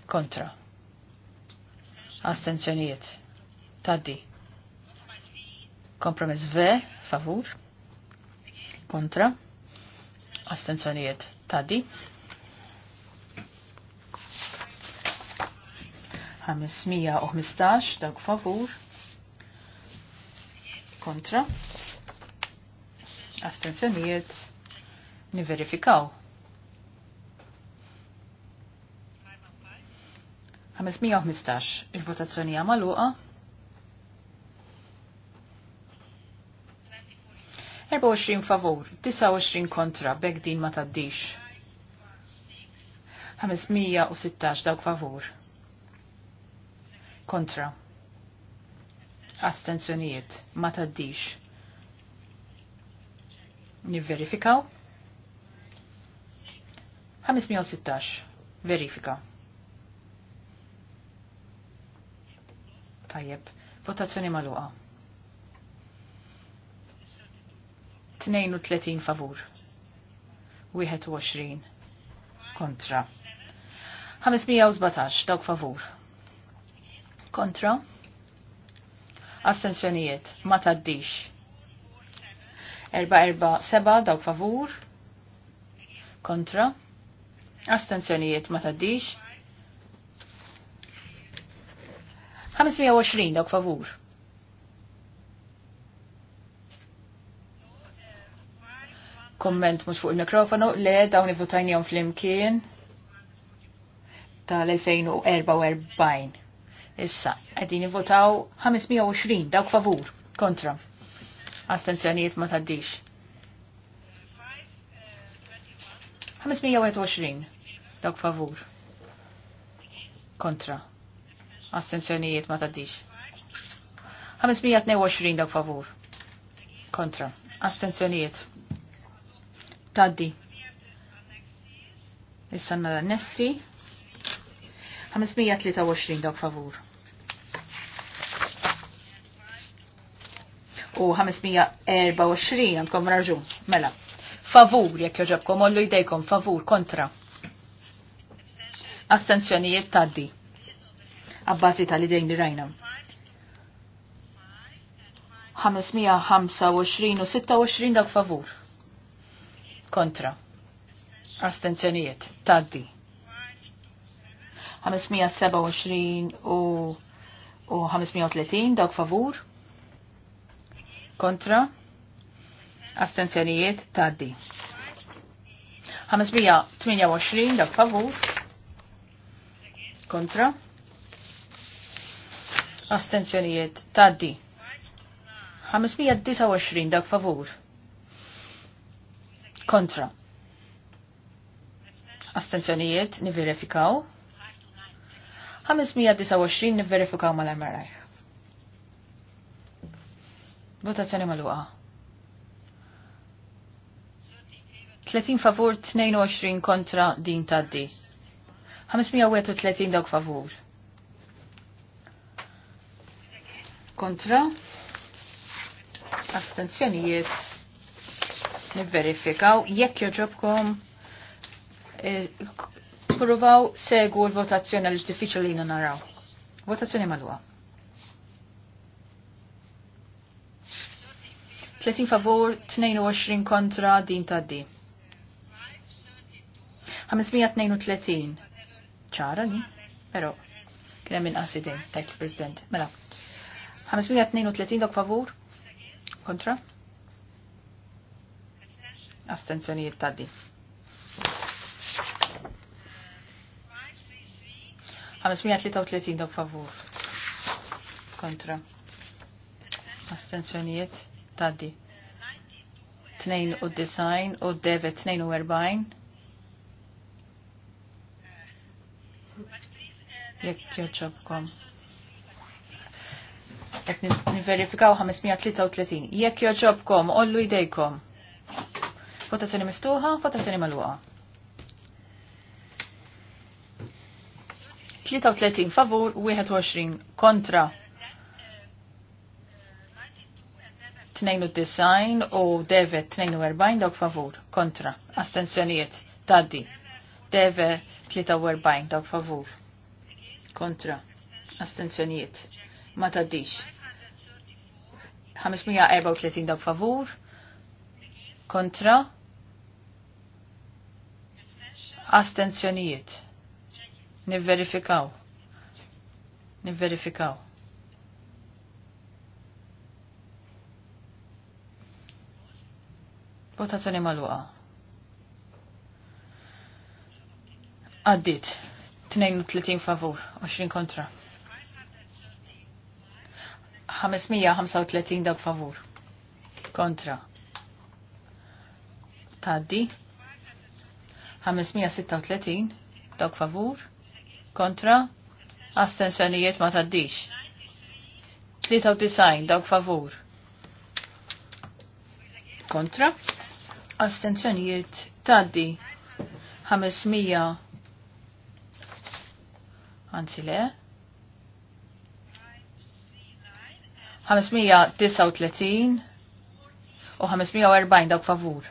Kontra. Astenzjoniet. Taddi. Kompromess V favur. Kontra. Astenzjoniet. Taddi. 515 dak favur. Kontra astenzjonijiet niverifikaw. 515 il-votazzjoni għamaluqa. 24 favur, 29 kontra, bekk din ma taddix. 516 dawk favur. Kontra. Astenzjonijiet, ma taddix. Nivverifikaw. 516. Verifika. Tajjeb. Votazzjoni maluqa. 32 favur. 21 kontra. 517 dawk favur. Kontra. Assenzjonijiet, ma taddix. 447 dawk favur kontra astenzjonijiet ma taddix 520 dawk favur komment mux fuq il-mikrofonu le dawn votajnijom fl-imkien tal-2044. Issa, għedini votaw 520 dawk favur kontra astenzjonijiet ma taddix. 521 dawk favur kontra astenzjonijiet ma taddix. 522 dawk favur kontra astenzjonijiet taddi. Issa nara Nessi 523 dawk favur u 524 għandkom raġun. Mela, favur jekk joġabkom, ollu jdejkom favur kontra. Astenzjonijiet taddi. Abbażi tal-idejn li rajna. 525 u 26 dak favur. Kontra. Astenzjonijiet taddi. 527 u, u 530 dak favur kontra, astenzjonijiet taddi. 528 dak favur, kontra, astenzjonijiet taddi. 529 dak favur, kontra. Astenzjonijiet niverifikaw. 529 niverifikaw mal-MRI. Votazzjoni maluqa. 30 favur, 22 kontra din taddi. 531 dawk favur. Kontra. Astenzjonijiet. Nivverifikaw. Jekk joġobkom. E, provaw segu l-votazzjoni għal diffiċli naraw. Votazzjoni maluqa. 30 favor, 22 kontra din taddi. 532. ċara ni? Pero, kena minn qasidin, tajt il-President. Mela, 532 dok favor? Kontra? Astenzjonijiet taddi. 533 dok favor. Kontra. Astenzjonijiet taddi. 92 u deve 42. Jekk joġobkom. Jek niverifikaw 533. Jekk joġobkom, ollu idejkom. Votazzjoni miftuħa, votazzjoni magħluqa. 33 favur, 21 kontra 92 u Deve 42 dawk favur kontra astenzjonijiet taddi Deve 43 dawk favur kontra astenzjonijiet ma taddix 534 dawk favur kontra astenzjonijiet nivverifikaw nivverifikaw Votazzjoni maluqa. Għaddit. 32 favur, 20 kontra. 535 dawk favur. Kontra. Taddi. 536 Dawk favur. Kontra. Astensjonijiet ma taddix. 93 dawk favur. Kontra astenzjonijiet taddi 500 anzi le 539 u 540 dawk favur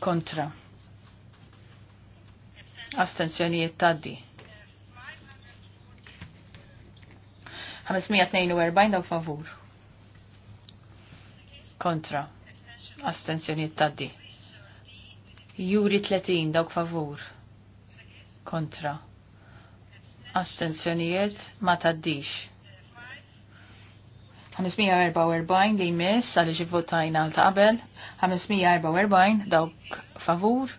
kontra astenzjonijiet taddi 542 dawk favur kontra astenzjoniet taddi. Juri 30 dawk favur kontra astenzjoniet ma taddix. 544 li jmiss għalli ġivvotajna għal taqbel, 544 dawk favur,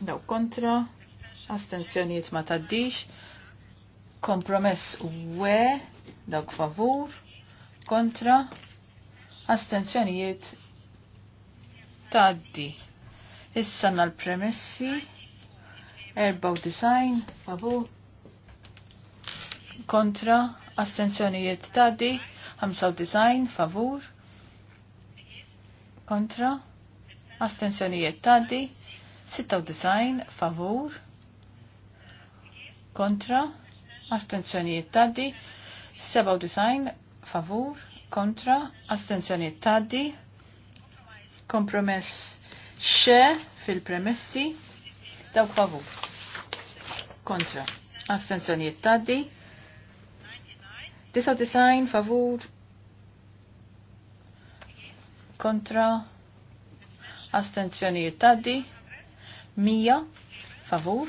dawk kontra, astenzjoniet ma taddix, kompromess we dawk favur, kontra, astenzjonijiet taddi. Issa nal premessi design favu. kontra astenzjonijiet taddi design, favur kontra tgħaddi, taddi design favur kontra tgħaddi, seba' design favur kontra astenzjonijiet taddi Kompromess xe fil-premessi dawk favu. Kontra. Astenzjonijiet jittaddi 99 favur. Kontra. Astenzjonijiet taddi. 100 favur.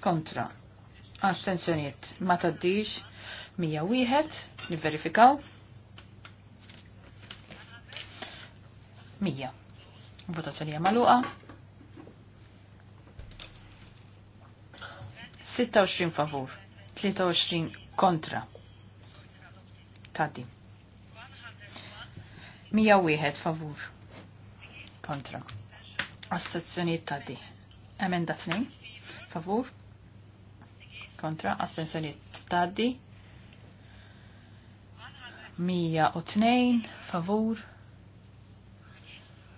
Kontra. Astenzjonijiet ma taddix. 101 niverifikaw. 100. Votazzjoni maluqa. 26 favur, 23 kontra. Tadi. 101 favur. Kontra. Astazzjoniet tadi. Emenda 2. Favur. Kontra. Astazzjoniet tadi. 102 favur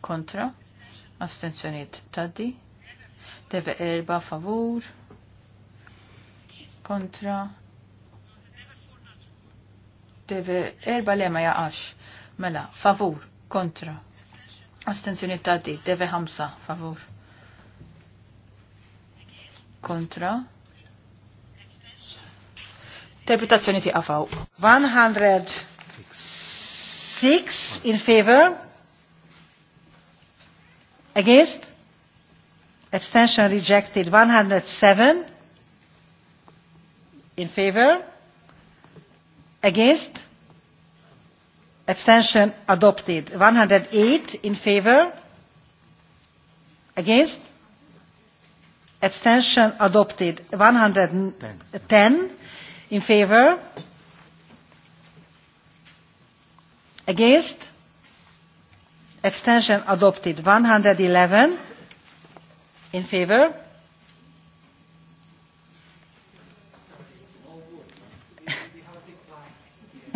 kontra, astenzjoniet taddi, deve erba favur, kontra, deve erba Lema ma jaqax, mela, favur, kontra, astenzjoniet taddi, deve hamsa favur, kontra, Interpretazzjoni tiqafaw. 106 in favor Against? Abstention rejected. 107. In favor? Against? Abstention adopted. 108 in favor? Against? Abstention adopted. 110 in favor? Against? abstention adopted 111 in favor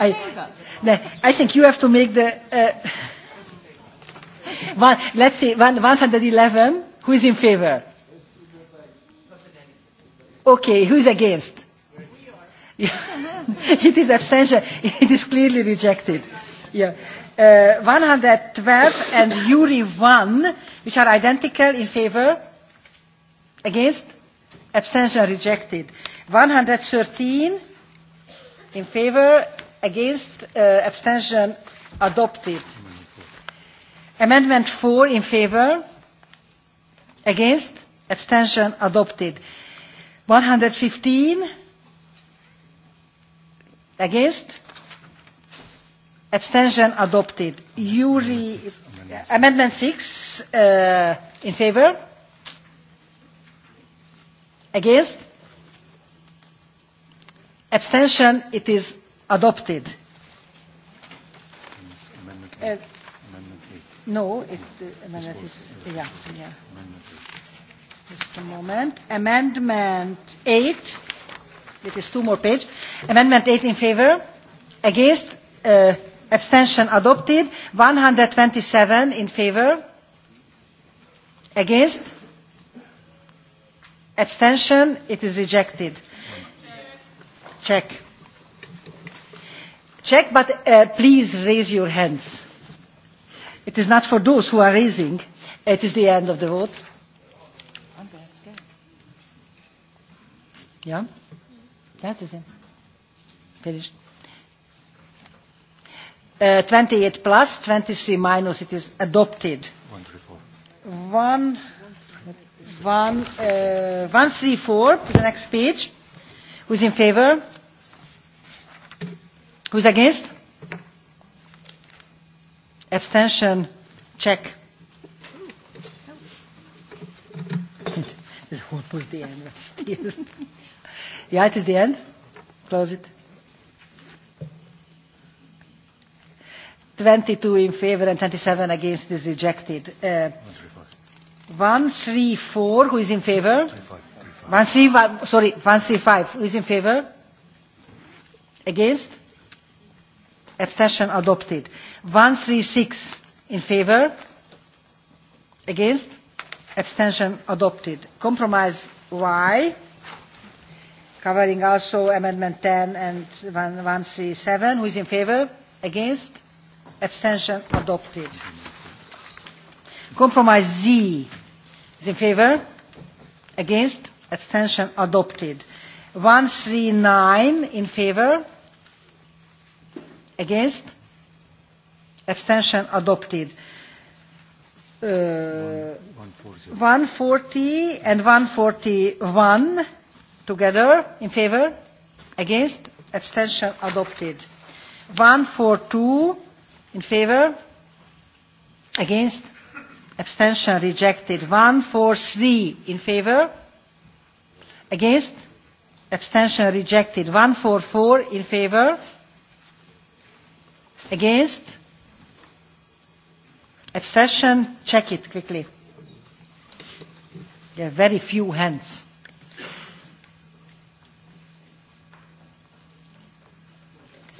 I, I think you have to make the uh, one, let's see one, 111 who is in favor okay who is against it is abstention it is clearly rejected yeah. Uh, 112 and Yuri 1, which are identical in favor, against, abstention rejected. 113 in favor, against, uh, abstention adopted. Amendment 4 in favor, against, abstention adopted. 115 against, Abstention adopted. Yuri, amendment, amendment 6 uh, in favor? Against? Abstention, it is adopted. Amendment eight. amendment eight. No, it, uh, amendment is, yeah, yeah. Amendment eight. Just a moment. Amendment 8, it is two more pages. Amendment 8 in favor? Against? Uh, abstention adopted 127 in favor against abstention it is rejected check check but uh, please raise your hands it is not for those who are raising it is the end of the vote yeah that is it finished 28 uh, plus, 23 minus, it is adopted. 134. One, one, uh, 134, the next page. Who's in favor? Who's against? Abstention, check. it's almost the end, but still. yeah, it is the end. Close it. 22 in favor and 27 against is rejected. Uh, 134, who is in favor? 135, sorry, 135, who is in favor? Against? Abstention adopted. 136 in favor? Against? Abstention adopted. Compromise Y, covering also Amendment 10 and 137, who is in favor? Against? abstention adopted. Compromise Z is in favor, against, abstention adopted. 139 in favor, against, abstention adopted. Uh, 140 and 141 together in favor, against, abstention adopted. 142 in favor against abstention rejected One four three in favor against abstention rejected One four four in favor against abstention check it quickly there are very few hands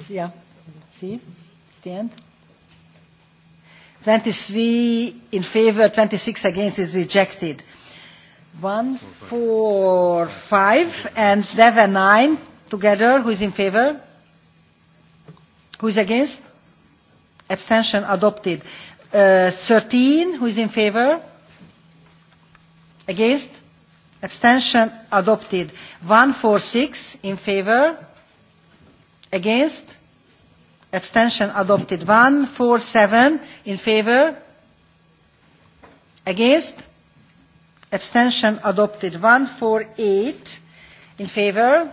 yeah see it's the end 23 in favor, 26 against is rejected. 1, 4, 5 and 7, 9 together. Who is in favor? Who is against? Abstention adopted. Uh, 13, who is in favor? Against? Abstention adopted. six in favor? Against? abstention adopted. seven in favor, against, abstention adopted. eight in favor,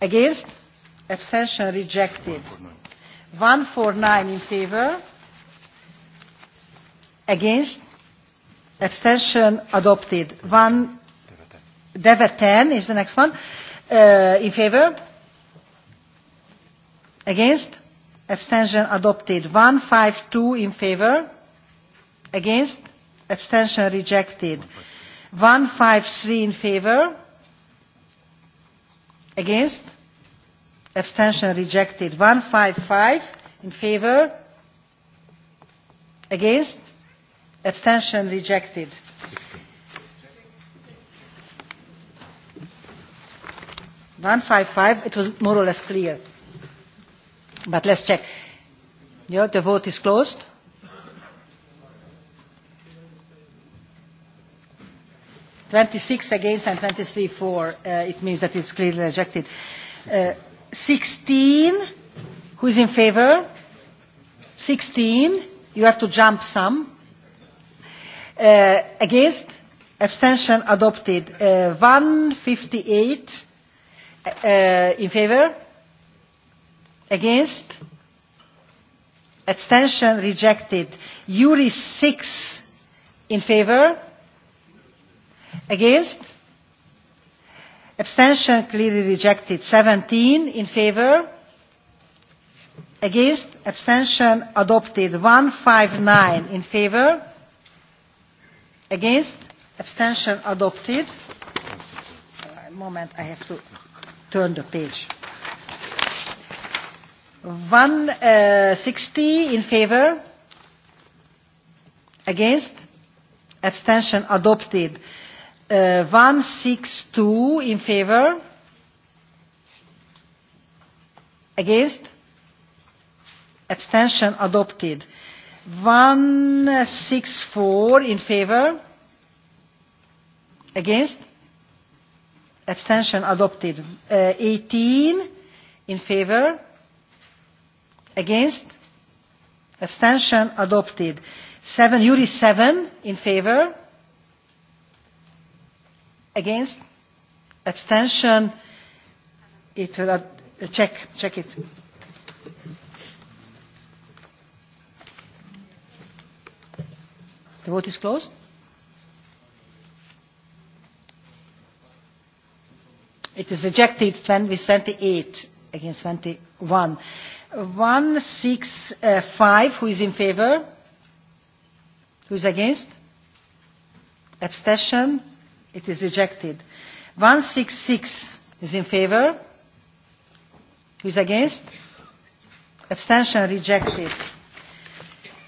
against, abstention rejected. nine in favor, against, abstention adopted. 1 Deva 10 is the next one. Uh, in favor? Against? Abstention adopted. 152 in favor. Against? Abstention rejected. 153 in favor. Against? Abstention rejected. 155 in favor. Against? Abstention rejected. 16. 155, it was more or less clear. But let's check. Yeah, the vote is closed. Twenty-six against and twenty-three for. Uh, it means that it's clearly rejected. Uh, Sixteen. Who is in favor? Sixteen. You have to jump some. Uh, against? Abstention adopted. Uh, fifty-eight uh, in favor? Against? Abstention rejected. Yuri 6 in favor? Against? Abstention clearly rejected. 17 in favor? Against? Abstention adopted. 159 in favor? Against? Abstention adopted. Moment, I have to turn the page. 160 uh, in favor, against, abstention adopted. Uh, 162 in favor, against, abstention adopted. 164 in favor, against, abstention adopted. Uh, 18 in favor, Against? Abstention adopted. Seven, Yuri seven in favor. Against? Abstention. It will ad check, check it. The vote is closed. It is rejected 20, with 28 against 21. One six uh, five. Who is in favor? Who is against? Abstention. It is rejected. One six six is in favor. Who is against? Abstention rejected.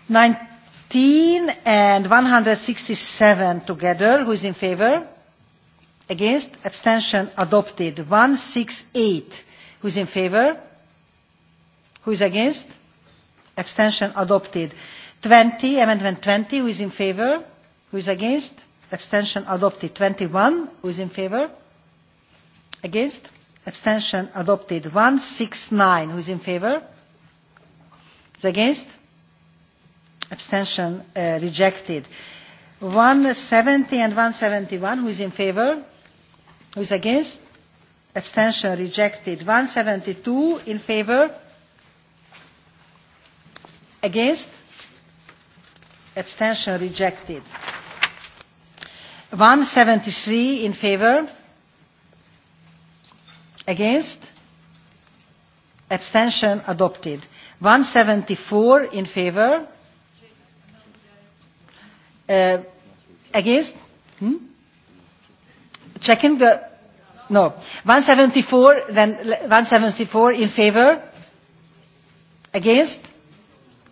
19 and 167 together. Who is in favor? Against? Abstention adopted. 168. Who is in favor? Who is against? Abstention adopted. 20, amendment 20, who is in favor? Who is against? Abstention adopted. 21, who is in favor? Against? Abstention adopted. 169, who is in favor? Is against? Abstention uh, rejected. 170 and 171, who is in favor? Who is against? Abstention rejected. 172 in favor? Against? Abstention rejected. 173 in favor? Against? Abstention adopted. 174 in favor? Uh, against? Hmm? Checking the... No. 174, then 174 in favor? Against?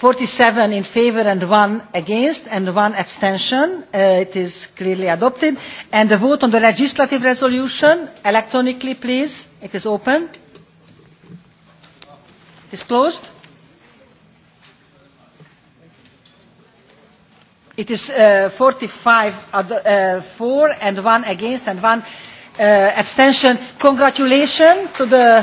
47 in favor and one against and one abstention. Uh, it is clearly adopted. And the vote on the legislative resolution, electronically please. It is open. It is closed. It is uh, 45 uh, uh for and one against and one uh, abstention. Congratulations to the